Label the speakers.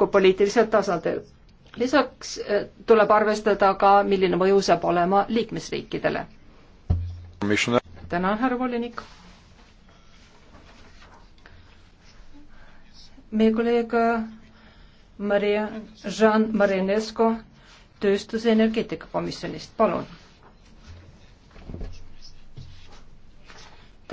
Speaker 1: kui poliitilisel tasandil. lisaks eh, tuleb arvestada ka, milline mõju saab olema liikmesriikidele. tänan, härra volinik. meie kolleeg Maria Jean Marinesco tööstuse energeetikakomisjonist, palun